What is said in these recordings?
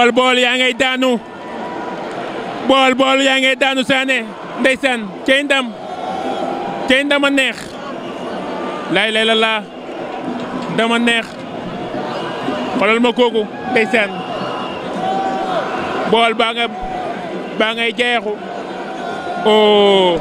bool bool yaa ngay daanu bool bool yaa ngay daanu saane ndeysaan cey ndam cey ndam a neex laay lay la laa dama neex xoolal ma kooku ndeysaan bool baa ngay jeexu oo oh.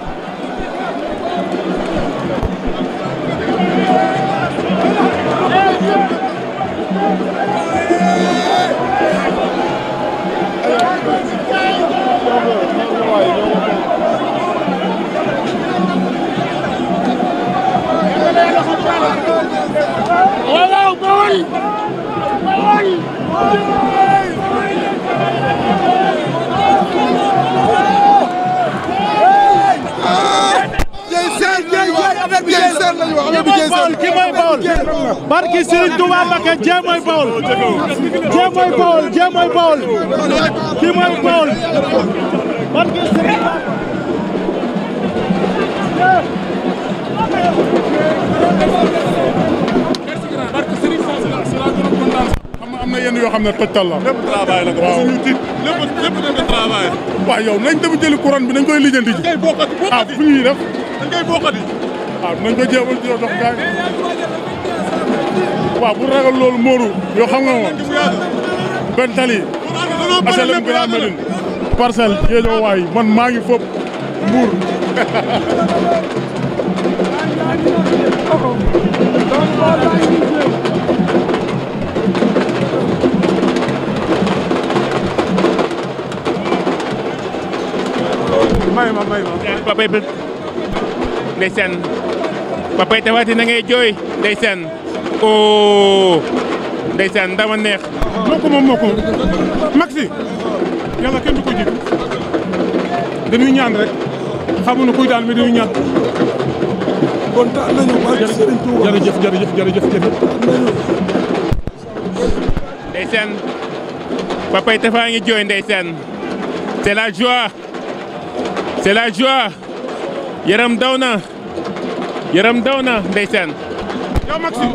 barki Serigne Touba Mbacké jéem mooy Bawol jéem mooy Bawol jéem mooy Bawol kii mooy Bawol yoo xam ne tojtal la. lépp travail la waaw yow nañ dem jëli couronne bi nañ koy lijjanti ji. dañ koy bokkati bokkati ah fu ñuy def. dañ koy ah, nañ ko jéem a jox gars yi. waaw bu ragal loolu Moodu. yoo nga moom benn tali. asalem Grand Médine. parcelle Géejo waay man maa fop Mbour. may ma may ma. papay bët ndeysaan papay tafaati na ngay jooy ndeysaan oo oh. ndeysaan dama neex. moo ko moom moo ko Maxi yàlla kenn du ko jig dañuy ñaan rek xamuñu kuy daal mi dañuy ñaan. kontaan nañu waaye Serigne Touba jërëjëf jërëjëf jërëjëf jërëjëf. ndeysaan papay tafaa c'est la joie yaram daw na yaram daw na ndeysaan. yow Maxime.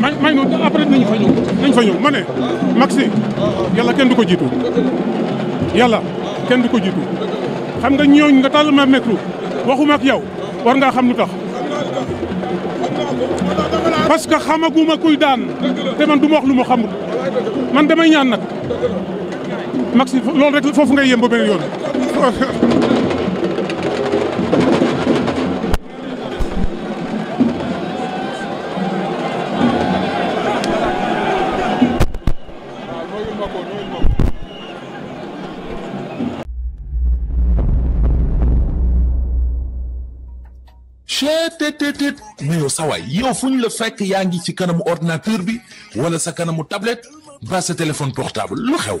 man man après nañ fa ñëw nañ fa kenn du ko jiitu yàlla kenn du ko jiitu xam nga ñooñ nga tàll ma micro waxuma ak yow war ngaa xam lu tax parce que xamaguma kuy daan te man du ma lu ma xamul man damay ñaan nag. maxi loolu rek foofu ngay yem ba beneen yoon. mais yow fu ñu la fekk yaa ngi ci kanamu ordinateur bi wala sa kanamu tablet ba sa téléphone portable lu xew